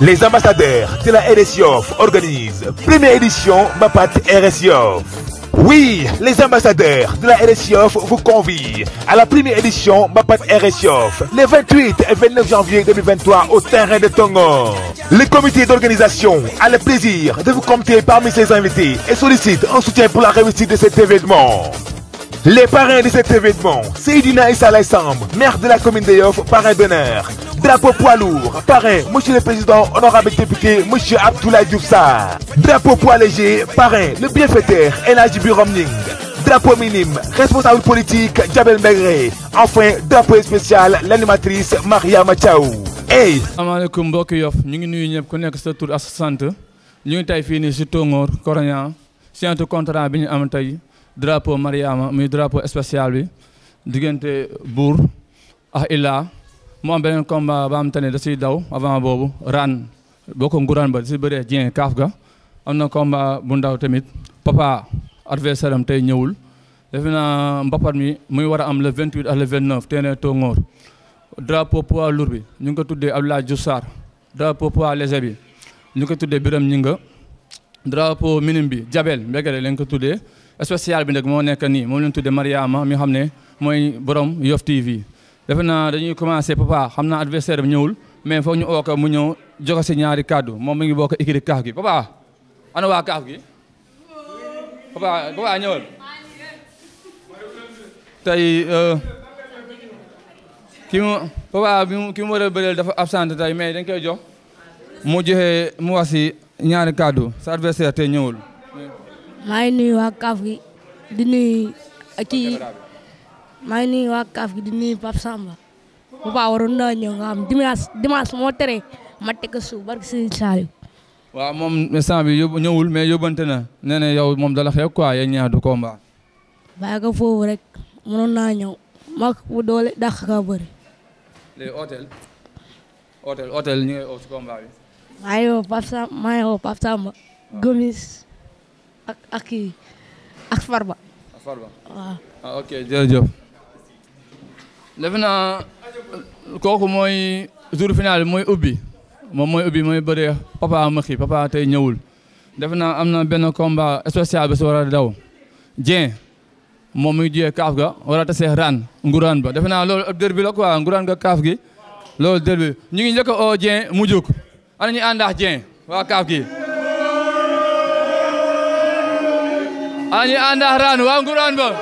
Les ambassadeurs de la RSIOF organisent première édition Mapat RSIOF. Oui, les ambassadeurs de la RSIOF vous convient à la première édition Mapat RSIOF les 28 et 29 janvier 2023 au terrain de Tongo. Le comité d'organisation a le plaisir de vous compter parmi ses invités et sollicite un soutien pour la réussite de cet événement. Les parrains de cet événement, c'est Seydina Issa Layssamb, maire de la commune de Yoff, parrain d'honneur. Drapeau poids lourd, parrain, monsieur le président, honorable député, monsieur Abdoulaye Diouf Drapeau poids léger, parrain, le bienfaiteur, El Hadji Drapeau minime, responsable politique, Djabel Magré. Enfin, drapeau spécial, l'animatrice, Maria Thiaw. Hey! Asalaamaaleykum mbokki Yoff ñu ngi nuyu ñëpp ku nekk sa tur ak sa sant ñu ngi tey fii nii à Tongoor Koroña centre contrat bi ñu am drapeau Mariama muy drapeau spécial bi diggante buur ax Ila mu am beneen combat ba am tane da siy daw avant boobu ran boo ko nguraan ba da si bëree jien kaaf ga am na combat bu ndaw tamit papa adversaire am tey ñëwul defe naa mbapat mi muy war a am le 28 ak le 29 teenee tongoor drapeau pois lourd bi ñu ngi ko tuddee Abdoulaye laa Sarr drapeau poids léger bi ñu ngi ko tuddee Biram Ñinga drapeau minime bi Jabel Mbegere lañ ko tuddee spécial bi nag moo nekk nii moom lañ tudde Mariama mi xam ne mooy borom Yoff TV defe naa dañuy commencé papa xam naa adversaire bi ñëwul mais foog ñu oo ko mu ñëw joxe si ñaari kàddu moom mi ngi bokk écurie kaaf gi gi papa papa ñëwal tey euh, ki mu papa bi ki mu war a bëreel dafa absent mais dañ koy jox mu joxe mu wax si ñaari kàddu sa adversaire tey ñëwul maa ngi nuyu waa kaaf gi di nuy kii maa ngi nuyu waa kaaf gi di nuyu Pape Samba bu baax waroon naa ñëw nga xam dimanche moo tere ma teg a suuf barke Serigne Saliou. waaw moom instant bi yób ñëwul mais yóbbante na nee yow moom dala xew quoi yéen ñaar du combat. bàyyi ko foofu rek mënoon naa ñëw mag bu doole dàq ka bëri. léegi hôtel hôtel hôtel ñu ngi woo ak ak kii ak Farba. ak ah ok jërëjëf. defe naa kooku mooy jour final bi mooy ubbi moom mooy ubbi mooy bëree papa Maxi papa tey ñëwul. defe naa am na benn combat spécial bi si war a daw. Dieng moom muy jiyee kaaf ga war a tasee ran nguraan ba defe naa loolu derby la quoi nguraan ga kaaf gi. loolu derby ñu ngi njëkk a oo Dieng ana ñu àndaax Dieng waa kaaf gi. Ani andahran wangguran bang.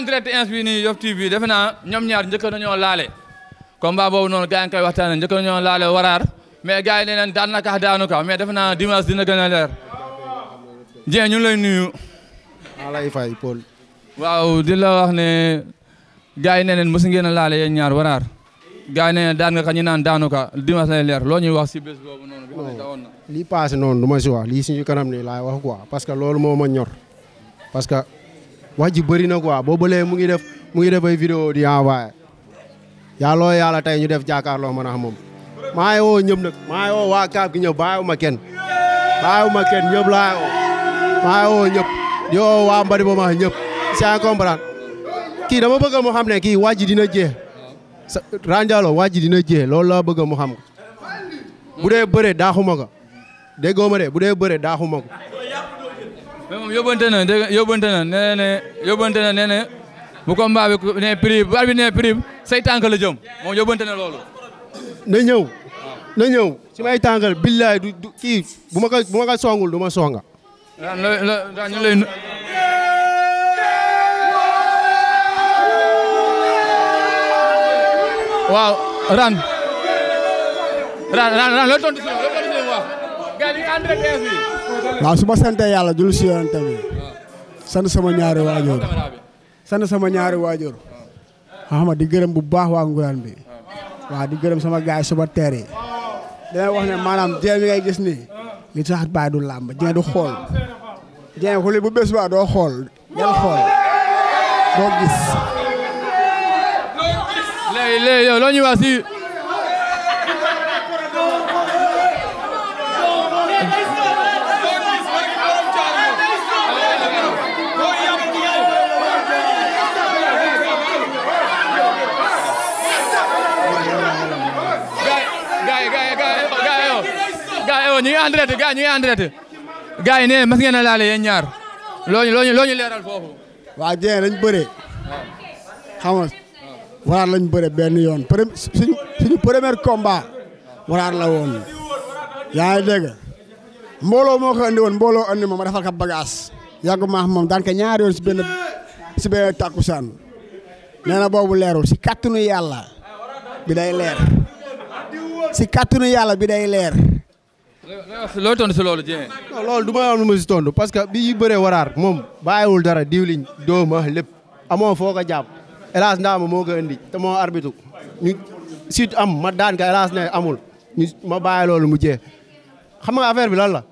en direct ins bi nii Yoff TV defe naa ñoom ñaar njëkk nañoo laale combat boobu noonu gars yi koy waxtaanee njëkk nañoo laale waraar mais gars yi nee nañ daan na kax daanu ka mais defe naa dimanche dina gën ñu lay nuyu. maa lay fay Paul. la ne gars yi nee nañ ngeen a laale yéen ñaar waraar gars yi nee daan nga ka ñu naan daanu ka dimanche lay leer loo ñuy wax si bés boobu noonu. bi lii paase noonu du ma si wax lii suñu kanam nii laay wax quoi parce que loolu moo ma ñor parce wax ji bëri na quoi boo bëlee mu ngi def mu ngi def ay di envoyé yàlla yàlla tey ñu def jàkkaarloo man ak moom. maa woo ñëpp nag woo waa Kaap gi ñëpp bàyyiwuma kenn bàyyiwuma kenn ñëpp laa woo maa woo ñëpp di woo waa Mbadiba ma ñëpp c'est comprendre kii dama bëgg mu xam ne kii waa ji dina jeex Randialo waa ji dina jeex loolu laa bëgg mu xam ko bu dee bëre daaxuma ko déggoo ma de bu dee bëre daaxuma ko mais moom yóbbante na dégg nga yóbbante na nee na yóbbante na nee na bu combat bi nee prix bu arbitre nee prix say tànk la jëm moom yóbbante loolu. na ñëw. na ñëw si may tàngal billaay du du kii bu ma ko bu ma ko ma songa. ñu tontu si loolu tontu si waaw. gars yi ànd rek waaw su sante yàlla jul si yonent bi sant sama ñaari waajur sant sama ñaari waajur xama di gërëm bu baax waa Nguraan bi waaw di gërëm sama gaay suba teer yi dina wax ne maanaam Dieng mi ngay gis ni li tax bàyyi du làmb Dieng du xool Dieng xuli bu bés ba doo xool del xool doo gis léegi léegi yow loo ñu wax si non ñu ngi en direct gars ñu ngi en mas ngeena laalé ya ñaar loñu loñu loñu léral fofu wa jé lañ bëré xam waral lañ bëré benn yoon suñu suñu premier combat waral la woon yaay dégg mbolo moo ko andi won mbolo andi ma ma defal ko bagage yàggu ma mom daan ko ñaari yoon ci benn ci benn takusan néna bobu boobu ci katunu yalla bi day leer si katunu yalla bi day leer loo tontu si loolu Dieng. non loolu du ma am lu ma si tontu parce que bi yu bëree waraar moom bàyyiwul dara diwliñ dooma lépp amoo foo ko jàpp hélas ndaama moo ko indi te moo arbitre ñu sut am ma daan ka hélas ne amul ñu ma bàyyi loolu mu jee xam nga affaire bi lan la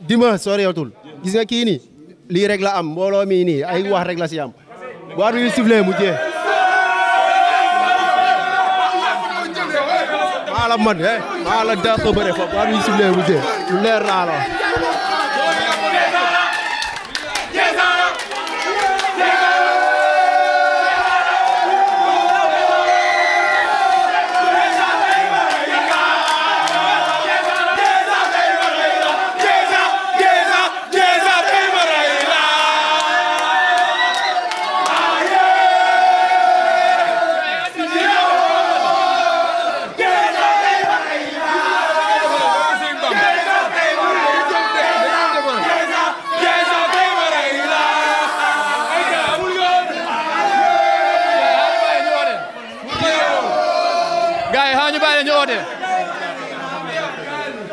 dima soriatul gis nga kii ni lii rek la am mbooloo mii nii ay wax rek la si am bu arbitre bi maa la mën eh maa la dàq bëre foofu waa bi ñu bu dee leer laa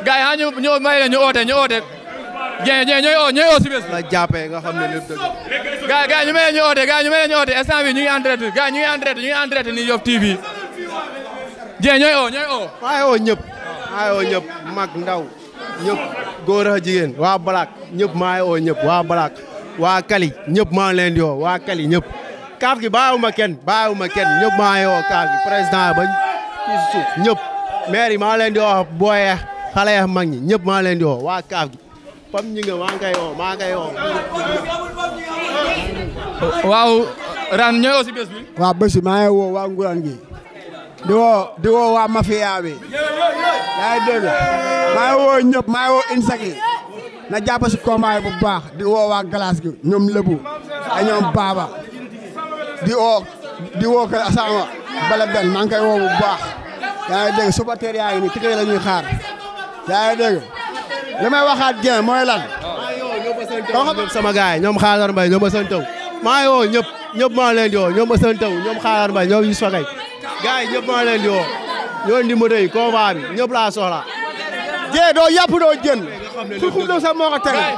gars yi ah ñu ñoo may la ñu oote ñu oote. Dieng Dieng ñooy oo ñooy oo si bés. la jàppee nga xam ne lépp dëgg la. gars ñu may la ñu oote gars ñu may la ñu oote instant bii ñu ngi en direct gars ñu ngi en direct ñu ngi en direct nii Yoff TV. Dieng ñooy oo ñooy oo. maa ngi oo ñëpp. maa ngi oo ñëpp mag ndaw ñëpp góor ak jigéen waa Black ñëpp maa ngi oo ñëpp Black waa Kali ñëpp maa ngi leen di Kali ñëpp. kaaf gi bàyyiwuma kenn bàyyiwuma kenn ñëpp maa ngi oo kaaf gi président bañ ci suuf ñëpp maire yi maa ngi leen xale ya mag ñi ñëpp maa leen di woo waa kaaf gi pam ñi maa ngay woo maa ngay woo waaw ran bés bi waaw bés bi maa ngi woo waa nguraan gi di woo waa mafia bi yaa ngi maa ngi woo ñëpp maa ngi woo insak yi na jàpp si combat bu baax di woo waa glace gi ñoom lébu ak ñoom baaba di woo di woo kër asaama bala maa ngi koy bu baax yaa ngi dégg suba teer yaa ngi nii tike la xaar yaa ngi dégg waxaat Dieng mooy lan. maa ngi sama gars ñoom Xaadar Mbaye ñoom Assane Taw maa ngi woo ñëpp ñëpp maa leen di woo ñoom Assane Taw ñoom Xaadar Mbaye ñoom Youssou Faye gars yi ñëpp maa leen di woo ñoo di moto yi combat bi ñëpp laa soxla. Dieng doo yàpp doo jën. ku xum sa moo ko tere.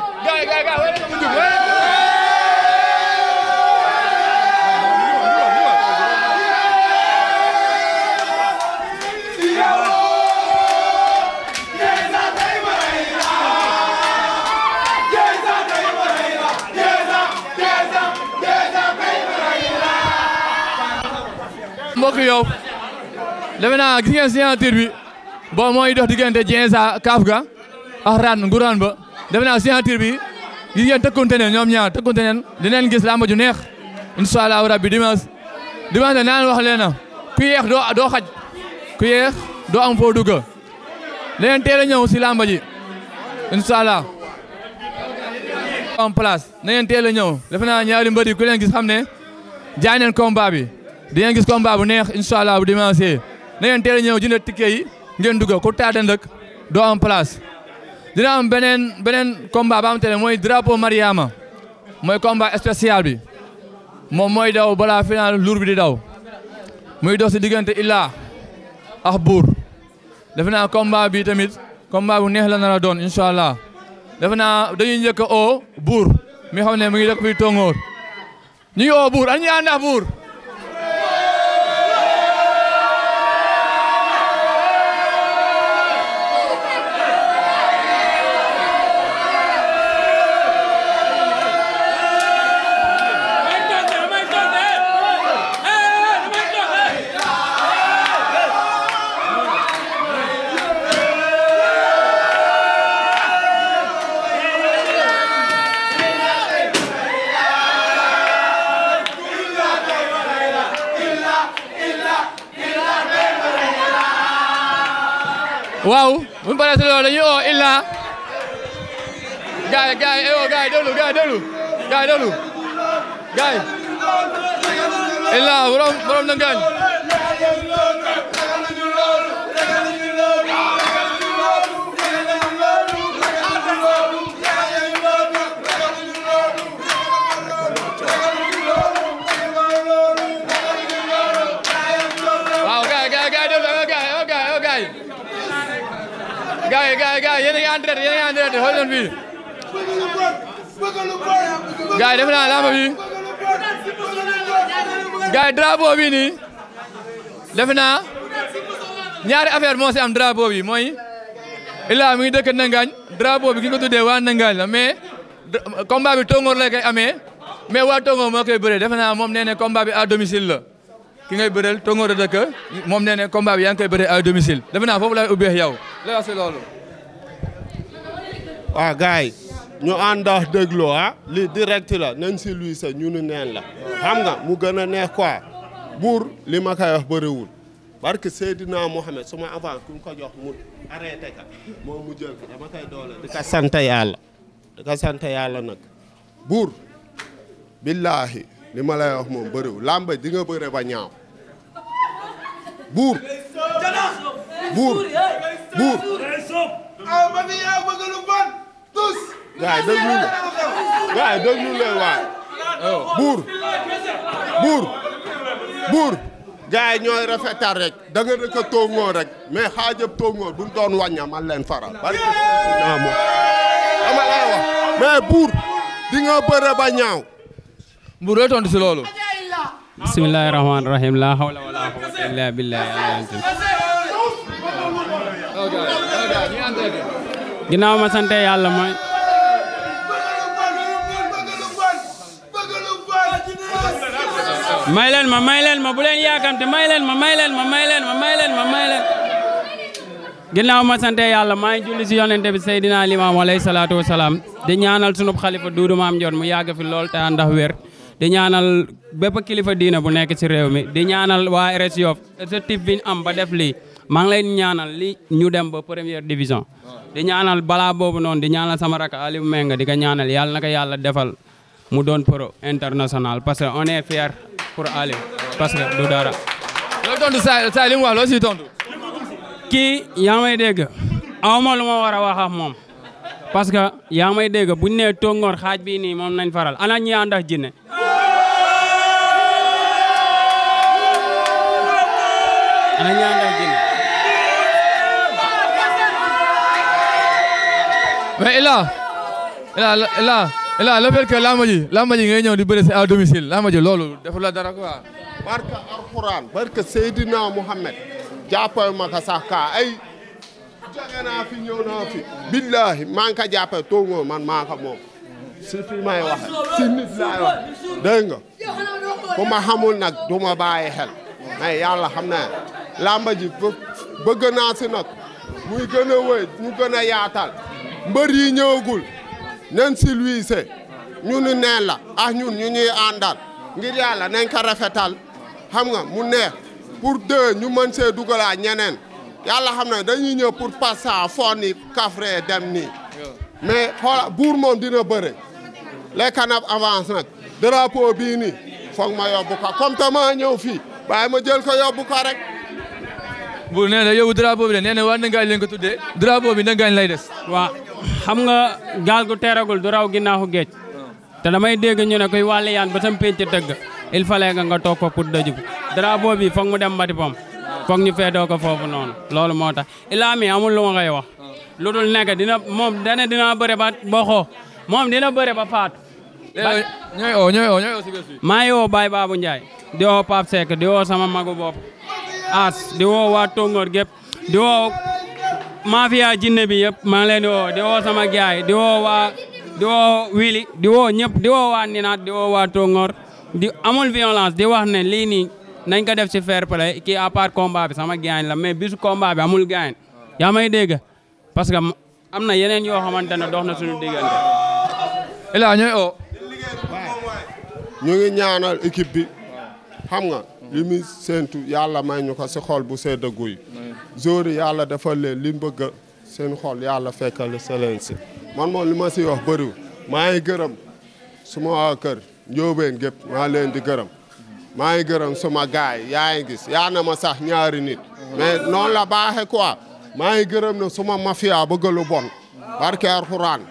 mbokk yow defe na gis ngeen signature bi bon mooy dox diggante Dienza kaaf ga ak ran nguraan ba defe naa signature bi gis ngeen tëkkunte neen ñoom ñaar tëkkunte neen dineen gis làmb ju neex incha allahu rabbi dimanche dimanche naan wax leen na ku yeex doo doo xaj ku yeex doo am foo dugg leneen teel a ñëw si làmb ji incha allah en place na ngeen teel a ñëw defe naa gis xam ne jaay neen combat di ngeen gis combat bu neex incha bu dimanche na ngeen teel a ñëw jënd ticket yi ngeen dugg ku tardé nag doo am place dina am beneen beneen combat ba mooy drapeau Mariama mooy combat spécial bi moom mooy daw balaa final luur bi di daw muy dox si diggante Illa ax Buur defe naa combat bi tamit combat bu neex la doon incha allah defe naa dañuy njëkk oo Buur mi xam ne mu ngi dëkk fii Tongoor ñu oo Buur ak ñi ànd ak Buur waaw bu ñu paree si loolu dañuy oo Illa gaay gaay aywa eh, gaay déglu gaay déglu gaay déglu gaay Illa borom na gaañ gars yi gars yi gars yi yéen a ngi en direct yéen a ngi en direct xool leen bi gars yi drapeau bi naa ñaari affaire moo si am drapeau bi mooy Ila mi i dëkk nangaañ drapeau bi ki nga ko tuddee waa Nangagne la mais combat bi Tongoor la koy amee mais waa Tongoor moo koy bëree defe naa moom nee ne combat bi à ki ngay bëreel Tongo de moom nee ne combat bi yaa ngi koy bëree à domicile defe naa foofu laay ubbee yow lay wax si loolu. waaw ah, gars yi ñu àndax dégloo ah li direct la nañ si luy sa ñu nu neen la xam nga mu gën a neex quoi buur li ma koy wax bëriwul barke Seydina Mohamed su ma avance ku ko jox mu arrêté ka moom mu jël ko dama koy doole di ko sant yàlla di ko sant yàlla buur billaahi li ma lay wax moom bëriwul làmb di nga bëre ba buur buur buur ah ñooy rafetal rek da nga dëkk tóngoo rek mais xaajab tóngoo buñ doon wàñña man leen faral bari naa buur di nga bëre ba Mbour looy tontu si loolu. bisimilah rahmaani rahiim laa hawla wala quwwata illaa billaah. ginnaaw ma sant yàlla ma may ma bu leen yaakamte may leen ma may leen ma may leen ma may leen ma may leen. ngi julli si yonente bi Seydina Limaamu alayhi salaatu wa salaam di ñaanal sunub xalifa Duudu Maam Njoon mu yàgg fi lool te àndax wér. di ñaanal bépp kilifa diine bu nekk ci réew mi di ñaanal waa RS Yoff objectif bi ñu am ba def lii maa ngi leen ñaanal li ñu dem ba première division. di ñaanal balaa boobu noonu di ñaanal sama rakk Aliou Menga di ko ñaanal na ko yàlla defal mu doon pro international parce que on est fier pour Aliou parce que du dara. loolu tontu Sa Sa mu wax loo siy tontu. kii yaa may dégg lu ma war a wax moom parce que yaa may buñ nee tóngoor xaaj bii nii moom nañ faral ay ñaandaw jëne mais Ila Ila Ila Ila le fait que làmb ji làmb di bëre à domicile làmb ji loolu defu la dara quoi barka alquran barka Seydina Muhammad jàppal ma ka sax ay jóge fi ñëw naa fi billahi maa ngi ko jàppee man maa moom si fi may waxe si nit laay wax nga ku ma xamul nag du ma bàyyi xel mais yàlla xam na làmba ji bëgg naa si nag muy gën a ñu gën yaatal mbër yi ñëwagul nen si ñu ni la ah ñun ñu ñuy àndal ngir yàlla nañ ko rafetal xam nga mu neex pour deux ñu mën see ñeneen yàlla xam na dañuy ñëw pour passa fonni kafre dem nii mais xoola buur moom dina bëre les canap avance nag drapeau bii nii foog ma yóbbu ko comme te maa rek bu nee na yow drapeau bi de nee na waa Ndangaañ leen ko tuddee drapeau bi Ndangaañ lay des. waa xam nga gaal gu teeragul du raw ginnaaxu géej te damay dégg ñu ne koy wàllu yaan ba sam penc tëgg il fallait nga nga toog ko pour daju drapeau bi foog mu dem mbati pom foog ñu feetoo ko foofu noonu loolu moo tax ilaa amul lu ma koy wax lu dul nekk dina moom dana dina bëre ba boxoo moom dina bëre ba faatu eh, oh, ñooy oo oh, ñooy oo oh, ñooy oo si bés bi maa ngi di woo Pape Seck di woo sama magu bopp aas di woo waa Tongoor gép di woo mafia jinne bi yëpp maa ngi leen di woo di woo sama gaay di woo waa di woo Wili di woo ñëpp di woo waa Ninaat di woo waa Tongoor amul violence di wax ne lii nii nañ ko def ci fair play kii à part combat sama gaay la mais bisu combat bi amul gaay yaa may dégg parce que am na yeneen yoo xamante ne dox na suñu diggante. Ila ñooy o ñu ngi ñaanal équipe bi xam li muy séentu yàlla may ñu ko si xol bu sedd guy jour yàlla defal leen lim bëgg seen xol yàlla fekkal sa leen si man moom li ma si wax bëriw maa ngi gërëm suma waa kër njóobeen gépp maa leen di gërëm maa ngi gërëm suma gaay yaa ngi gis yaa na ma sax ñaari nit la baaxe quoi maa ngi gërëm ne suma mafia bëgg bon barke Alxuraan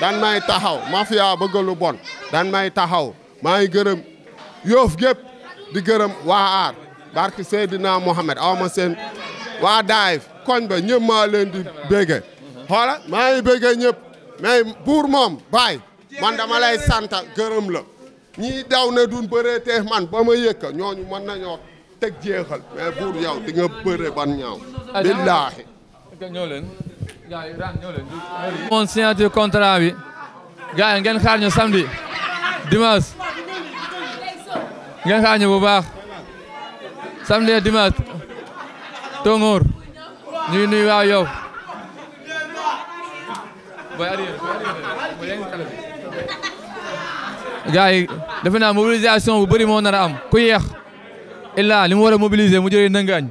dan may taxaw mafia bëgg lu bon dan may taxaw maa gërëm yoof gépp di gërëm waa aar barke Seydina Mohamed aw ma seen waa daayif koñ ba ñëpp maa leen di bége xoola maa ngi bége ñëpp mais buur moom baay man dama lay santa gërëm la ñii daw ne duñ bëree te man ba ma yëg ko ñooñu mën nañoo teg jeexal mais buur yow di nga bëre ban ñaaw billaahi ñoo leen gars yi ran ñoo leen moon signature contrat bi gars yi ngeen xaar ñu samedi dimanche ngeen bu baax samedi et dimanche Tongoor ñu ngi nuyu waa Yoff gars yi defe bu bëri moo nar am ku yeex illa li mu war a mobiliser mu jëlee nëngaañ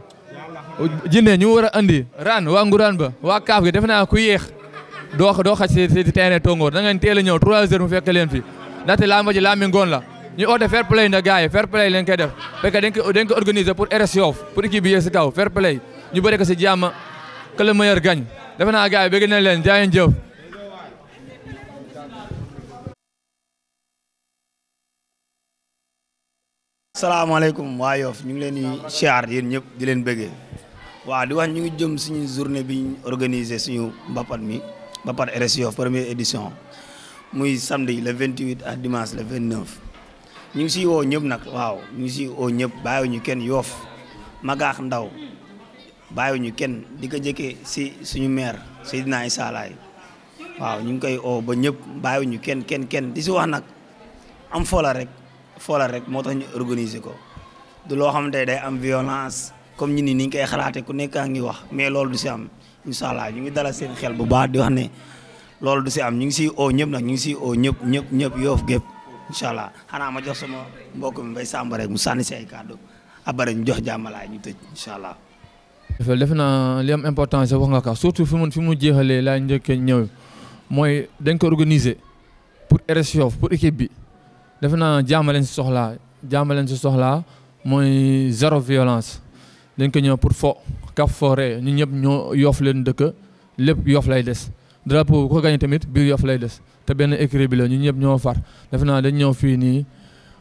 jinne ñu war a andi ran waa nguraan ba waa kaaf gi defe naa ku yeex doo doo xaj si si terrain Tongoor da ngeen teel ñëw 3 heures mu fekk leen fi ndaxte lamba ji laa mi ngoon la ñu oote fair play na gars yi fair play leen koy def parce que dañ ko dañ ko pour RS Yoff pour équipe bi yee si kaw fair play ñu bëri ko si jàmm que le meilleur gagne defe naa gars yi bëgg nañ leen jaayeen jëf salaamaaleykum ñu ngi leen di siyaar yéen ñëpp di leen bëggee waaw di wax ñu ngi jëm suñu journée bi ñu suñu mbapat mi mbapat RS Yoff première édition muy samedi le 28 à dimanche le 29 ñu ngi siy woo ñëpp nag waaw ñu ngi siy woo ñëpp bàyyiwuñu kenn yoof magaax ndaw bàyyiwuñu kenn di ko jëkkee si suñu maire Seydina Issa Laye waaw ñu ngi koy ba ñëpp bàyyiwuñu kenn kenn kenn di si wax nag am foola rek foola rek moo tax ñu organiser ko du loo xamante day am violence comme ñu ni ni ñu koy xalaatee ku nekk a ngi wax mais loolu du si am incha allah ñu ngi dalal seen xel bu baax di wax ne loolu di si am ñu ngi siy oo ñëpp nag ñu ngi siy oo ñëpp ñëpp ñëpp yoof gépp incha allah xanaa ma jox sama mbokk mi Mbaye Samba rek mu sànni si ay kàddu abare ñu jox jàmmalaay ñu tëj incha allah. defe naa li am importance wax nga ka surtout fi mu fi mu jeexalee laa njëkk ñëw mooy dañ ko organiser pour RS Yoff pour équipe bi defe naa jaamaleen si soxlaa jaamaleen si soxlaa mooy zéro violence dañ ko ñëw pour foo kaf fooree ñu ñëpp ñoo yoof leen dëkk lépp yoof lay des. drapeau bu ko gagné tamit biir Yoff lay des te benn écurie bi la ñu ñëpp ñoo far defe naa dañ ñëw fii nii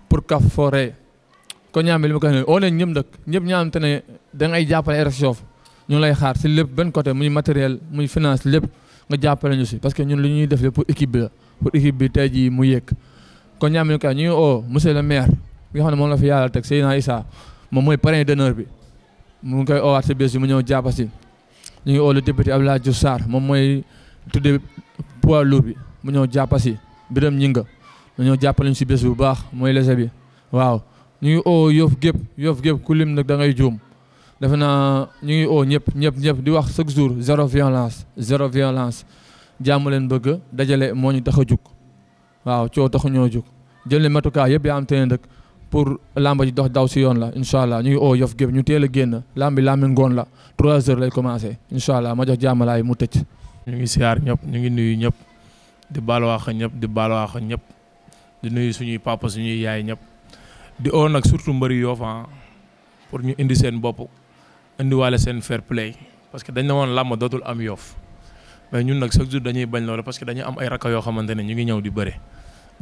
pour kaf foree ko ñaam bi li ma ko waxee oo leen ñëpp ñëpp ñaam te ne da ngay jàppale RS Yoff ñu lay xaar si lépp benn côté muy matériel muy finance lépp nga jàppale ñu si parce que ñun lu ñuy def lépp pour équipe bi la pour équipe bi tey jii mu yéeg kon ñaam bi ñu koy ñu ngi oo monsieur le maire bi nga xam ne moom la fi yàlla teg Seydina Issa moom mooy parrain d'honneur bi mu ngi koy oowaat si bés bi jàpp si ñu ngi oo moom mooy tuddee poids lou bi mu ñëw jàppa si biram ñinga mu ñëw jàppalañ si bés bu baax mooy lese bi waaw ñu ngi oo yoof gépp gépp ku lim nag da juum defe naa ñu ngi oo ñëpp ñëpp ñëpp di wax chaque jours zéro violence zéro violence jàmm leen bëgg dajale moo ñu tax a jug waaw coow taxu ñoo jug jël leen matukaay yëpp yaa am teen rek pour làmb ji dox daw si yoon la incha allah ñu ngi oo yof gépp ñu teel génn làmbi bi làmbi ngoon la trois heures lay commencé incha allah ma jàmmalaay mu tëj. ñu ngi siyaar ñëpp ñu ngi nuyu ñëpp di baaluwaax ñëpp di baaluwaax ñëpp di nuyu suñuy papa suñuy yaay ñëpp di oo nag surtout mbëri Yoff ah, pour ñu indi seen bopp indiwaale seen fair play parce que dañ ne woon làmb dootul am Yoff mais ñun nag chaque jour dañuy bañ loolu parce que dañuy am ay rakka yoo xamante ne ñu ngi ñëw di bëre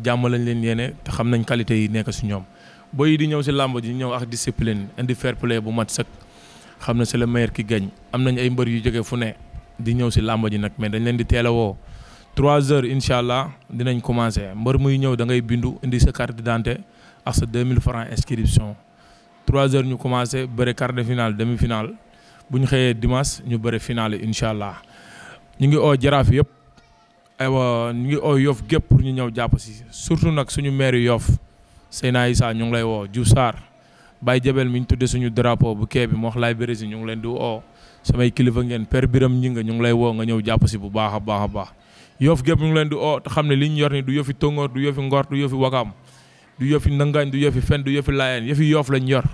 jàmm lañ leen yéene te xam nañ qualité yi nekk si ñoom boy di ñëw si làmb di ñëw ak discipline indi fair play bu mat sëkk xam na c'est le ki qui am nañ ay mbër yu jóge fu ne di ñëw si làmba ji nag mais dañ leen di teel a woo trois heures incha allah dinañ commencé mbër muy ñëw da ngay bindu indi sa carte d'identité ak sa mille francs inscription trois heures ñu commencé bëre quart de finale demi finale bu ñu xëyee dimanche ñu bëre finale incha allah ñu ngi oo jaraaf yëpp aywa ñu ngi oo yof gépp pour ñu ñëw jàpp si surtout nag suñu maire yof Seyna Issa ñu ngi lay woo Diouf Sarr Baye Jabel mi ñu tuddee suñu drapeau bu kee bi moo wax laay Brésil ñu ngi leen di oo samay kilifa ngeen per biram ñi nga ñu lay wo nga ñew japp ci bu baaxa baaxa baax yof gep ñu leen di o ta xamne li ñu yor ni du yofi tongor du yofi ngor du yofi wagam du yofi nangañ du yofi fen du yofi layen yofi yof lañ yor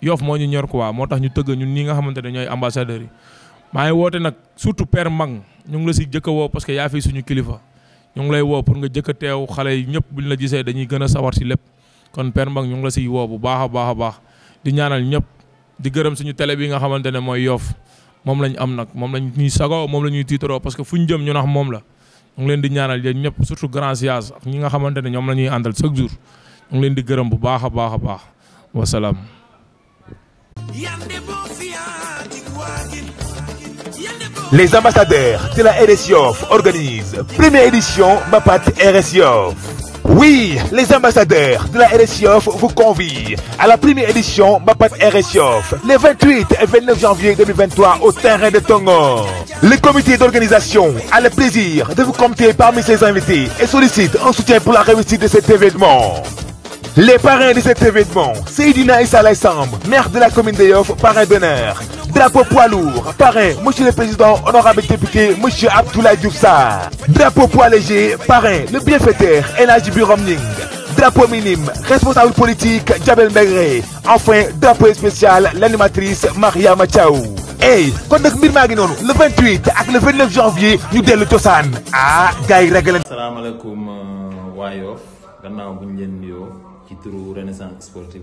yof mo ñu ñor quoi motax ñu teug ñun ñi nga xamantene ñoy ambassadeur yi maa ngi woote surtout père mang ñu ngi la ci jëk wo parce que ya fi suñu kilifa ñu ngi lay wo pour nga jëk teew yi ñep buñ la gisee dañuy gëna sawar ci lepp kon père mang ñu ngi la ci wo bu baaxa baaxa baax di ñaanal ñep di suñu télé bi nga xamantene moy yof moom lañ am nag moom lañ ñuy sagoo moom la ñuy tiitaroo parce que fu ñu jëm ñu nax moom la ñu ngi leen di ñaanal yéen ñëpp surtout grand siège ñi nga xamante ne ñoom la ñuy àndal chaque jour ñu ngi leen di gërëm bu baax a baax a baax wasalaam. Les ambassadeurs de la RS Yoff organisent première édition Mbapat RS Oui, les ambassadeurs de la RSIOF vous convient à la première édition Mapat RSIOF les 28 et 29 janvier 2023 au terrain de Tongo. Le comité d'organisation a le plaisir de vous compter parmi ses invités et sollicite un soutien pour la réussite de cet événement. Les parrains de cet événement, c'est Idina Issa Laisam, maire de la commune d'Eyof, parrain d'honneur drapeau poids lourd parrain monsieur le président honorable député monsieur Abdoulaye Diouf drapeau poids léger parrain le bienfaiteur El Hadji drapeau minime responsable politique Djabel Maigret enfin drapeau spécial l'animatrice Maria Machaou. Hey, quand on mbir le 28 et le 29 janvier nous dellu ah gars yi Salam euh, renaissance sportive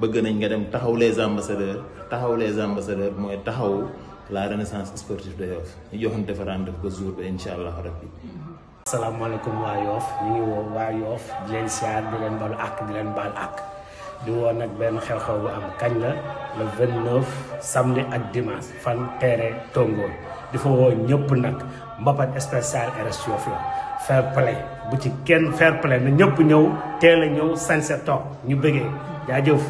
bëgg nañ nga dem taxaw les ambassadeurs taxaw les ambassadeurs mooy taxaw la renaissance sportive de Yoff ñu joxante fa rendez-vous jour bi incha allah rabbi. asalaamaaleykum waa Yoff ñu woo waa Yoff di leen siyaar di leen balu àq di leen baal àq di woo nag benn xew-xew bu am kañ la le 29 samedi ak dimanche fan teere tongool di fa woo ñëpp nag mbapat spécial RS Yoff la fair play bu ci kenn fair play na ñëpp ñëw teel a ñëw sañse toog ñu bëggee jaajëf.